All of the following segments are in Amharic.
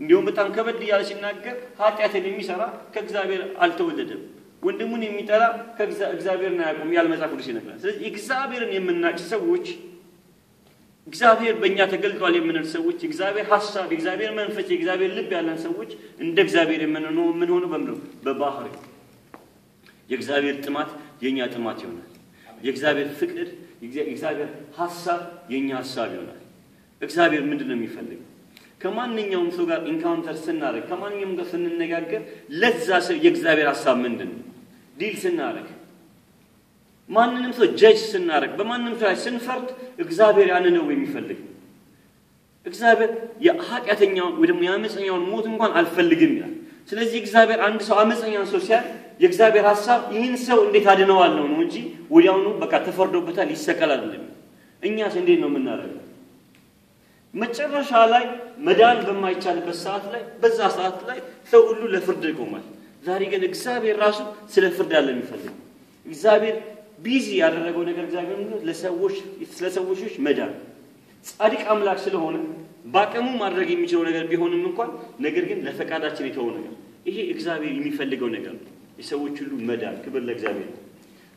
እንዲሁም በጣም ከበድ እያለ ሲናገር ኃጢአትን የሚሰራ ከእግዚአብሔር አልተወለደም፣ ወንድሙን የሚጠላ እግዚአብሔርን አያውቁም ያለ መጽሐፍ ቅዱስ ይነግራል። ስለዚህ እግዚአብሔርን የምናውቅ ሰዎች እግዚአብሔር በእኛ ተገልጧል የምንል ሰዎች እግዚአብሔር ሀሳብ፣ እግዚአብሔር መንፈስ፣ የእግዚአብሔር ልብ ያለን ሰዎች እንደ እግዚአብሔር የምንሆነው የምንሆነው በምድር በባህር የእግዚአብሔር ጥማት የእኛ ጥማት ይሆናል። የእግዚአብሔር ፍቅር፣ የእግዚአብሔር ሀሳብ የእኛ ሀሳብ ይሆናል። እግዚአብሔር ምንድን ነው የሚፈልገው? ከማንኛውም ሰው ጋር ኢንካውንተር ስናደርግ ከማንኛውም ጋር ስንነጋገር ለዛ ሰው የእግዚአብሔር ሀሳብ ምንድን ነው ዲል ስናደርግ ማንንም ሰው ጀጅ ስናደርግ በማንም ሰው ላይ ስንፈርድ እግዚአብሔር ያን ነው የሚፈልግ እግዚአብሔር የኃጢአተኛውን ወይ ደግሞ የአመፀኛውን ሞት እንኳን አልፈልግም ይላል ስለዚህ እግዚአብሔር አንድ ሰው አመፀኛን ሰው ሲያል የእግዚአብሔር ሀሳብ ይህን ሰው እንዴት አድነዋል ነው እንጂ ወዲያውኑ በቃ ተፈርዶበታል ይሰቀላል እንደሚ እኛስ እንዴት ነው የምናደርገው መጨረሻ ላይ መዳን በማይቻልበት ሰዓት ላይ በዛ ሰዓት ላይ ሰው ሁሉ ለፍርድ ይቆማል። ዛሬ ግን እግዚአብሔር ራሱ ስለ ፍርድ አለ የሚፈልግ እግዚአብሔር ቢዚ ያደረገው ነገር እግዚአብሔር ለሰዎች ስለ ሰዎች መዳን ጻድቅ አምላክ ስለሆነ በአቅሙ ማድረግ የሚችለው ነገር ቢሆንም እንኳን ነገር ግን ለፈቃዳችን የተው ነገር ይሄ እግዚአብሔር የሚፈልገው ነገር ነው። የሰዎች ሁሉ መዳን ክብር ለእግዚአብሔር ነው።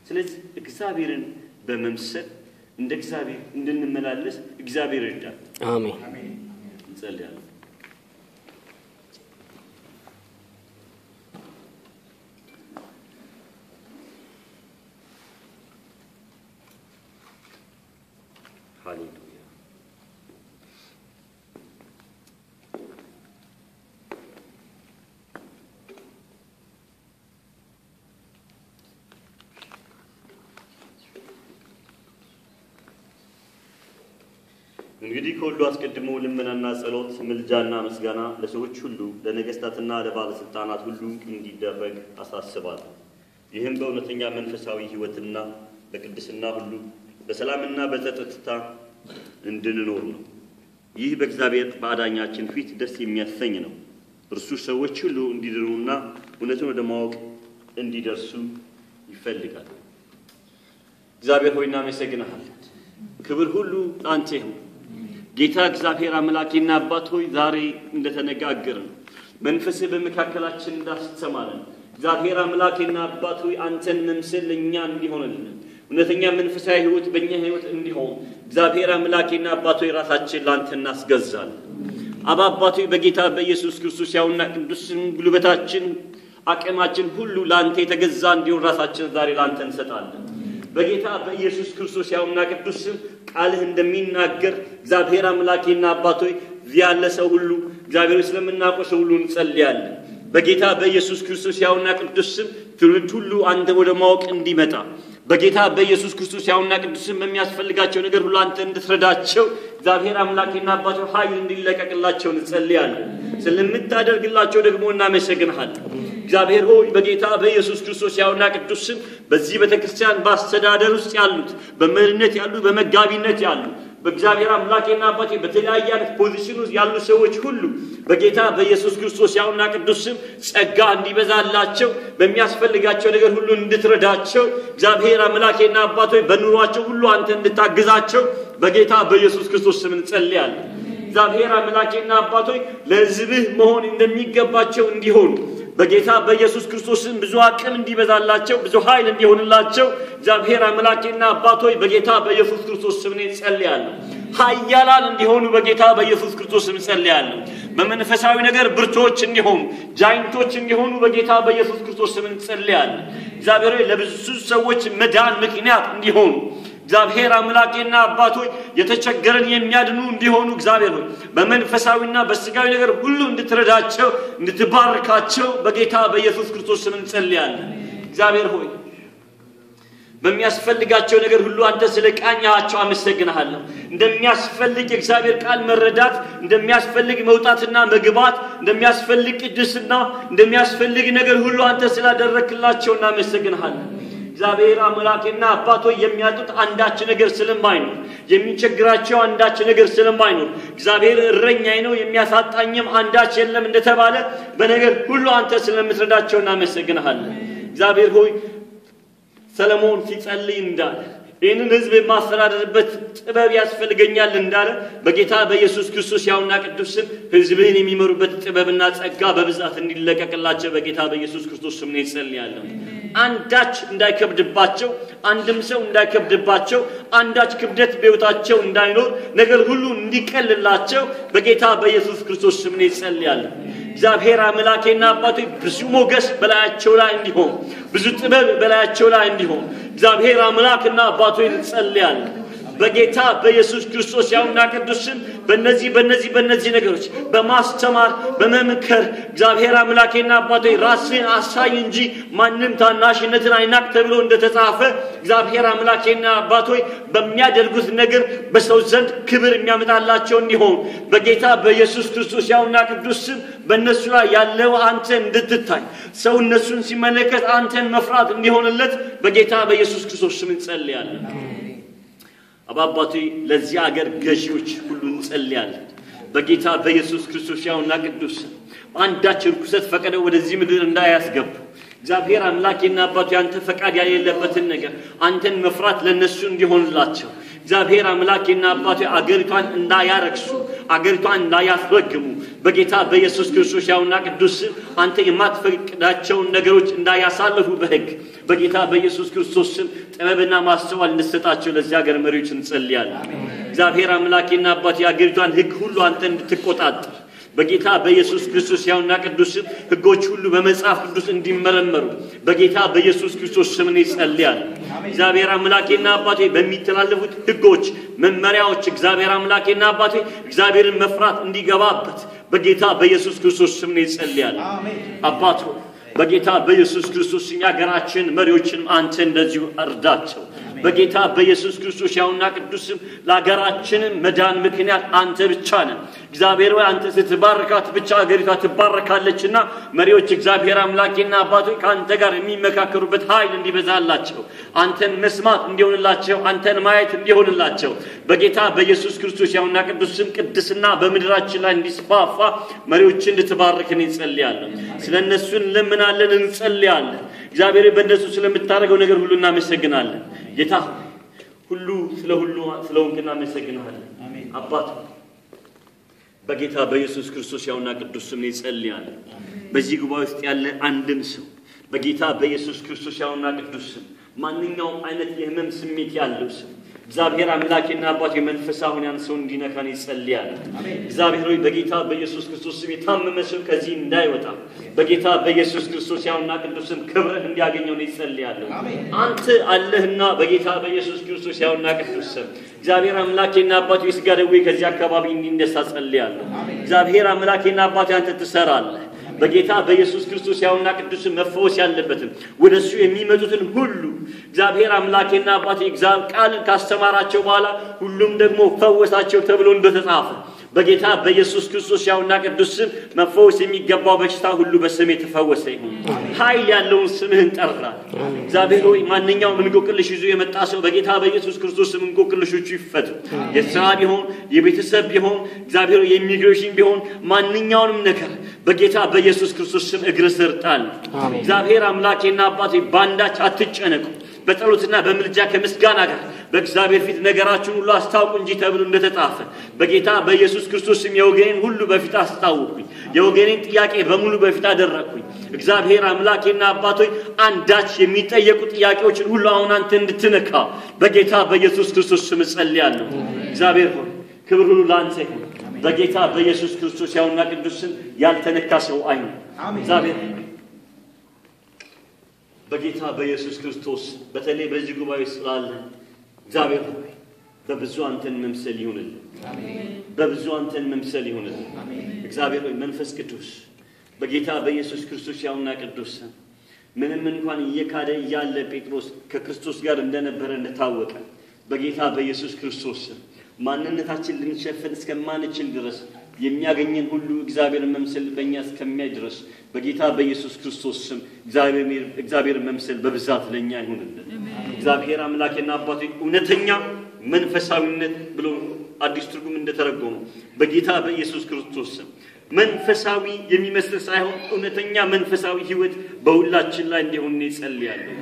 ስለዚህ እግዚአብሔርን በመምሰል እንደ እግዚአብሔር እንድንመላለስ እግዚአብሔር ይርዳል። አሜን። እንጸልያለን። ሃሌሉያ። እንግዲህ ከሁሉ አስቀድሞ ልመናና ጸሎት፣ ምልጃና ምስጋና ለሰዎች ሁሉ ለነገስታትና ለባለስልጣናት ሁሉ እንዲደረግ አሳስባለሁ። ይህም በእውነተኛ መንፈሳዊ ሕይወትና በቅድስና ሁሉ በሰላምና በጸጥታ እንድንኖር ነው። ይህ በእግዚአብሔር በአዳኛችን ፊት ደስ የሚያሰኝ ነው። እርሱ ሰዎች ሁሉ እንዲድኑና እውነትን ወደ ማወቅ እንዲደርሱ ይፈልጋል። እግዚአብሔር ሆይ እናመሰግንሃለን። ክብር ሁሉ ላንተ ይሁን። ጌታ እግዚአብሔር አምላኬና አባት ሆይ ዛሬ እንደተነጋገር ነው መንፈስህ በመካከላችን እንዳስተማረን እግዚአብሔር አምላኬና አባት ሆይ አንተን መምስል እኛ እንዲሆንልን እውነተኛ መንፈሳዊ ህይወት በእኛ ህይወት እንዲሆን እግዚአብሔር አምላኬና አባት ሆይ ራሳችን ለአንተ እናስገዛል አባ አባት ሆይ በጌታ በኢየሱስ ክርስቶስ ያውና ቅዱስን ጉልበታችን፣ አቅማችን ሁሉ ለአንተ የተገዛ እንዲሆን ራሳችን ዛሬ ለአንተ እንሰጣለን። በጌታ በኢየሱስ ክርስቶስ ያውና ቅዱስ ስም ቃልህ እንደሚናገር እግዚአብሔር አምላኬና አባቶይ ያለ ሰው ሁሉ እግዚአብሔር ስለምናውቀው ሰው ሁሉ እንጸልያለን። በጌታ በኢየሱስ ክርስቶስ ያውና ቅዱስ ስም ትውልድ ሁሉ አንተ ወደ ማወቅ እንዲመጣ በጌታ በኢየሱስ ክርስቶስ ያውና ቅዱስን በሚያስፈልጋቸው ነገር ሁሉ አንተ እንድትረዳቸው እግዚአብሔር አምላኬና አባቶ ኃይል እንዲለቀቅላቸው እንጸልያለን። ስለምታደርግላቸው ደግሞ እናመሰግንሃለን። እግዚአብሔር ሆይ በጌታ በኢየሱስ ክርስቶስ ያውና ቅዱስ ስም በዚህ ቤተ ክርስቲያን በአስተዳደር ውስጥ ያሉት፣ በመሪነት ያሉት፣ በመጋቢነት ያሉ በእግዚአብሔር አምላኬና አባቴ በተለያየ አይነት ፖዚሽን ውስጥ ያሉ ሰዎች ሁሉ በጌታ በኢየሱስ ክርስቶስ ያውና ቅዱስ ስም ጸጋ እንዲበዛላቸው በሚያስፈልጋቸው ነገር ሁሉ እንድትረዳቸው እግዚአብሔር አምላኬና አባቶች በኑሯቸው ሁሉ አንተ እንድታግዛቸው በጌታ በኢየሱስ ክርስቶስ ስም እንጸልያለን። እግዚአብሔር አምላኬና አባቶች ለሕዝብህ መሆን እንደሚገባቸው እንዲሆኑ በጌታ በኢየሱስ ክርስቶስም ብዙ አቅም እንዲበዛላቸው ብዙ ኃይል እንዲሆንላቸው እግዚአብሔር አምላኬና አባቶች በጌታ በኢየሱስ ክርስቶስ ስም ጸልያለሁ። ኃያላን እንዲሆኑ በጌታ በኢየሱስ ክርስቶስ ስም ጸልያለሁ። በመንፈሳዊ ነገር ብርቶች እንዲሆኑ ጃይንቶች እንዲሆኑ በጌታ በኢየሱስ ክርስቶስ ስም ጸልያለሁ። እግዚአብሔር ለብዙ ሰዎች መዳን ምክንያት እንዲሆኑ እግዚአብሔር አምላኬና አባቶች የተቸገረን የሚያድኑ እንዲሆኑ እግዚአብሔር ሆይ በመንፈሳዊና በስጋዊ ነገር ሁሉ እንድትረዳቸው እንድትባርካቸው በጌታ በኢየሱስ ክርስቶስ ስም እንጸልያለን። እግዚአብሔር ሆይ በሚያስፈልጋቸው ነገር ሁሉ አንተ ስለ ቃኛቸው አመሰግንሃለሁ። እንደሚያስፈልግ የእግዚአብሔር ቃል መረዳት፣ እንደሚያስፈልግ መውጣትና መግባት፣ እንደሚያስፈልግ ቅድስና፣ እንደሚያስፈልግ ነገር ሁሉ አንተ ስላደረክላቸው እናመሰግንሃለን። እግዚአብሔር አምላኬና አባቶ የሚያጡት አንዳች ነገር ስለማይኖር የሚቸግራቸው አንዳች ነገር ስለማይኖር እግዚአብሔር እረኛዬ ነው የሚያሳጣኝም አንዳች የለም እንደተባለ በነገር ሁሉ አንተ ስለምትረዳቸው እናመሰግንሃለን። እግዚአብሔር ሆይ ሰለሞን ሲጸልይ እንዳለ ይህንን ህዝብ የማስተዳደርበት ጥበብ ያስፈልገኛል እንዳለ በጌታ በኢየሱስ ክርስቶስ ያውና ቅዱስ ስም ህዝብህን የሚመሩበት ጥበብና ጸጋ በብዛት እንዲለቀቅላቸው በጌታ በኢየሱስ ክርስቶስ ስም ይጸልያለሁ። አንዳች እንዳይከብድባቸው፣ አንድም ሰው እንዳይከብድባቸው፣ አንዳች ክብደት በሕይወታቸው እንዳይኖር፣ ነገር ሁሉ እንዲቀልላቸው በጌታ በኢየሱስ ክርስቶስ ስም ይጸልያለሁ። እግዚአብሔር አምላኬና አባቴ ብዙ ሞገስ በላያቸው ላይ እንዲሆን ብዙ ጥበብ በላያቸው ላይ እንዲሆን እግዚአብሔር አምላክና አባቶ እንጸልያለን በጌታ በኢየሱስ ክርስቶስ ያውና ቅዱስ ስም በነዚህ በነዚህ በነዚህ ነገሮች በማስተማር በመምከር እግዚአብሔር አምላኬና አባቶ ራስን አሳይ እንጂ ማንም ታናሽነትን አይናቅ ተብሎ እንደተጻፈ እግዚአብሔር አምላኬና አባቶይ በሚያደርጉት ነገር በሰው ዘንድ ክብር የሚያመጣላቸው እንዲሆን በጌታ በኢየሱስ ክርስቶስ ያውና ቅዱስ ስም በእነሱ ላይ ያለው አንተ እንድትታይ ሰው እነሱን ሲመለከት አንተን መፍራት እንዲሆንለት በጌታ በኢየሱስ ክርስቶስ ስም እንጸልያለን። አባባቱ ለዚህ አገር ገዢዎች ሁሉ እንጸልያለን። በጌታ በኢየሱስ ክርስቶስ ያውና ቅዱስ አንዳች ርኩሰት ፈቀደው ወደዚህ ምድር እንዳያስገቡ እግዚአብሔር አምላኬና አባቱ ያንተ ፈቃድ ያሌለበትን ነገር አንተን መፍራት ለነሱ እንዲሆንላቸው እግዚአብሔር አምላኬና አባቱ አገሪቷን እንዳያረክሱ አገሪቷን እንዳያስረግሙ በጌታ በኢየሱስ ክርስቶስ ያውና ቅዱስ ስም አንተ የማትፈቅዳቸውን ነገሮች እንዳያሳልፉ በህግ በጌታ በኢየሱስ ክርስቶስ ስም ጥበብና ማስተዋል እንድሰጣቸው ለዚህ ሀገር መሪዎች እንጸልያለን። እግዚአብሔር አምላኬና አባት የአገሪቷን ህግ ሁሉ አንተ እንድትቆጣጠር በጌታ በኢየሱስ ክርስቶስ ያውና ቅዱስ ህጎች ሁሉ በመጽሐፍ ቅዱስ እንዲመረመሩ በጌታ በኢየሱስ ክርስቶስ ስም እኔ ጸልያለሁ። እግዚአብሔር አምላኬና አባቴ በሚተላለፉት ህጎች መመሪያዎች እግዚአብሔር አምላኬና አባቴ እግዚአብሔርን መፍራት እንዲገባበት በጌታ በኢየሱስ ክርስቶስ ስም ነው ይጸልያል። አባቶ በጌታ በኢየሱስ ክርስቶስ እኛ ሀገራችን መሪዎችንም አንተ እንደዚሁ እርዳቸው። በጌታ በኢየሱስ ክርስቶስ ያውና ቅዱስም ለሀገራችን መዳን ምክንያት አንተ ብቻ ነህ። እግዚአብሔር ሆይ አንተ ስትባርካት ብቻ ሀገሪቷ ትባረካለችና መሪዎች እግዚአብሔር አምላኬና አባቶች ከአንተ ጋር የሚመካከሩበት ኃይል እንዲበዛላቸው፣ አንተን መስማት እንዲሆንላቸው፣ አንተን ማየት እንዲሆንላቸው በጌታ በኢየሱስ ክርስቶስ ያውና ቅዱስም ቅድስና በምድራችን ላይ እንዲስፋፋ መሪዎች እንድትባርክን እንጸልያለን። ስለ እነሱ እንለምናለን፣ እንጸልያለን። እግዚአብሔር በእነሱ ስለምታደርገው ነገር ሁሉ እናመሰግናለን። ጌታ ሁሉ ስለ ሁሉ ስለ ሆንክ እናመሰግንሃለን። አባት በጌታ በኢየሱስ ክርስቶስ ያውና ቅዱስ ስም እጸልያለሁ። በዚህ ጉባኤ ውስጥ ያለ አንድም ሰው በጌታ በኢየሱስ ክርስቶስ ያውና ቅዱስ ስም ማንኛውም አይነት የህመም ስሜት ያለው ሰው እግዚአብሔር አምላኬና አባቴ መንፈሳ ሁን ያን ሰው እንዲነካን ይጸልያል። እግዚአብሔር ሆይ በጌታ በኢየሱስ ክርስቶስ ስም የታመመ ሰው ከዚህ እንዳይወጣ በጌታ በኢየሱስ ክርስቶስ ያውና ቅዱስም ክብርህ እንዲያገኘው ነው ይጸልያለሁ። አንተ አለህና በጌታ በኢየሱስ ክርስቶስ ያውና ቅዱስም እግዚአብሔር አምላኬና አባቴ የሥጋ ደዌ ከዚህ አካባቢ እንዲነሳ ጸልያለሁ። እግዚአብሔር አምላኬና አባቴ አንተ ትሰራለህ። በጌታ በኢየሱስ ክርስቶስ ያውና ቅዱስ መፈወስ ያለበትን ወደ እሱ የሚመጡትን ሁሉ እግዚአብሔር አምላኬና አባቴ ቃልን ካስተማራቸው በኋላ ሁሉም ደግሞ ፈወሳቸው ተብሎ እንደተጻፈ በጌታ በኢየሱስ ክርስቶስ ያውና ቅዱስ ስም መፈወስ የሚገባው በሽታ ሁሉ በስሜ የተፈወሰ ይሁን። ኃይል ያለውን ስምህን ጠራ። እግዚአብሔር ሆይ ማንኛውም እንቆቅልሽ ይዞ የመጣ ሰው በጌታ በኢየሱስ ክርስቶስ ስም እንቆቅልሾቹ ይፈቱ። የስራ ቢሆን የቤተሰብ ቢሆን እግዚአብሔር የኢሚግሬሽን ቢሆን ማንኛውንም ነገር በጌታ በኢየሱስ ክርስቶስ ስም እግር ስርጣል እግዚአብሔር አምላኬና አባቴ ባንዳች አትጨነቁ። በጸሎትና በምልጃ ከምስጋና ጋር በእግዚአብሔር ፊት ነገራችን ሁሉ አስታውቁ እንጂ ተብሎ እንደተጻፈ በጌታ በኢየሱስ ክርስቶስ ስም የወገኔን ሁሉ በፊት አስታወቅኩኝ። የወገኔን ጥያቄ በሙሉ በፊት አደረግኩኝ። እግዚአብሔር አምላኬና አባቶች አንዳች የሚጠየቁ ጥያቄዎችን ሁሉ አሁን አንተ እንድትነካ በጌታ በኢየሱስ ክርስቶስ ስም እጸልያለሁ። እግዚአብሔር ሆይ ክብር ሁሉ ለአንተ ይሁን። በጌታ በኢየሱስ ክርስቶስ ያውና ቅዱስን ያልተነካ ሰው አይኑ እግዚአብሔር በጌታ በኢየሱስ ክርስቶስ በተለይ በዚህ ጉባኤ ስላለን እግዚአብሔር ሆይ በብዙ አንተን መምሰል ይሁንልን፣ በብዙ አንተን መምሰል ይሁንልን። እግዚአብሔር ሆይ መንፈስ ቅዱስ በጌታ በኢየሱስ ክርስቶስ ያውና ቅዱስ ምንም እንኳን እየካደ እያለ ጴጥሮስ ከክርስቶስ ጋር እንደነበረ እንደታወቀ በጌታ በኢየሱስ ክርስቶስ ማንነታችን ልንሸፈን እስከማንችል ድረስ የሚያገኘን ሁሉ እግዚአብሔርን መምሰል በእኛ እስከሚያይ ድረስ በጌታ በኢየሱስ ክርስቶስ ስም እግዚአብሔር መምሰል በብዛት ለእኛ ይሁንልን። እግዚአብሔር አምላኬና አባቴ እውነተኛ መንፈሳዊነት ብሎ አዲስ ትርጉም እንደተረጎመ በጌታ በኢየሱስ ክርስቶስ ስም መንፈሳዊ የሚመስል ሳይሆን እውነተኛ መንፈሳዊ ህይወት በሁላችን ላይ እንዲሆን እጸልያለሁ።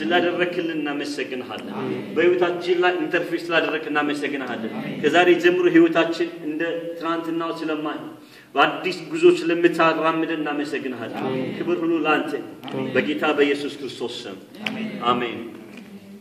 ስላደረክልን እናመሰግንሃለን። በህይወታችን ላይ ኢንተርፌስ ስላደረክ እናመሰግንሃለን። ከዛሬ ጀምሮ ህይወታችን እንደ ትናንትናው ስለማይ በአዲስ ጉዞ ስለምታራምደን እናመሰግንሃለን። ክብር ሁሉ ለአንተ በጌታ በኢየሱስ ክርስቶስ ስም አሜን።